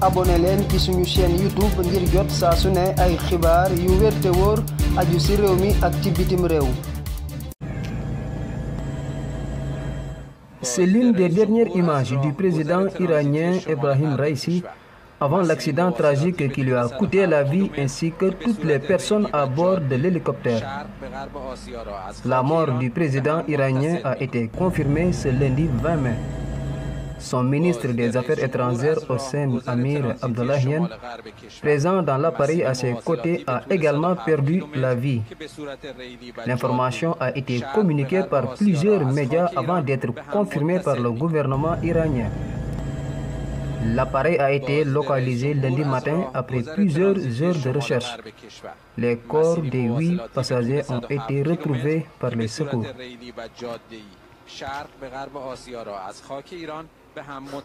abonné leen ci suñu chaîne YouTube ngir saa su ne ay xibaar yu wér te wóor aju ci réew mi ak ci bitim réew. C'est l'une des dernières images du président iranien Ebrahim Raisi avant l'accident tragique qui lui a coûté la vie ainsi que toutes les personnes à bord de l'hélicoptère. La mort du président iranien a été confirmée ce lundi 20 mai. son ministre des Affaires étrangères Hossein Amir Abdollahian, présent dans l'appareil à ses côtés, a également perdu la vie. L'information a été communiquée par plusieurs médias avant d'être confirmée par le gouvernement iranien. L'appareil a été localisé lundi matin après plusieurs heures de recherche. Les corps des huit passagers ont été retrouvés par les secours. به هم مت...